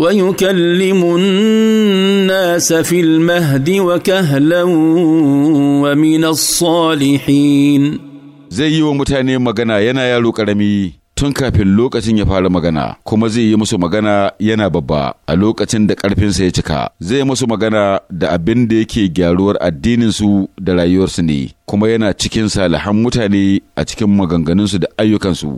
ويكلم الناس في المهد وكهلا ومن الصالحين zai yi wa mutane magana yana yaro ƙarami tun kafin lokacin ya fara magana kuma zai yi musu magana yana babba a lokacin da ƙarfinsa ya cika zai musu magana da abin da yake gyaruwar addininsu da rayuwarsu ne kuma yana cikin salihan mutane a cikin maganganunsu da ayyukansu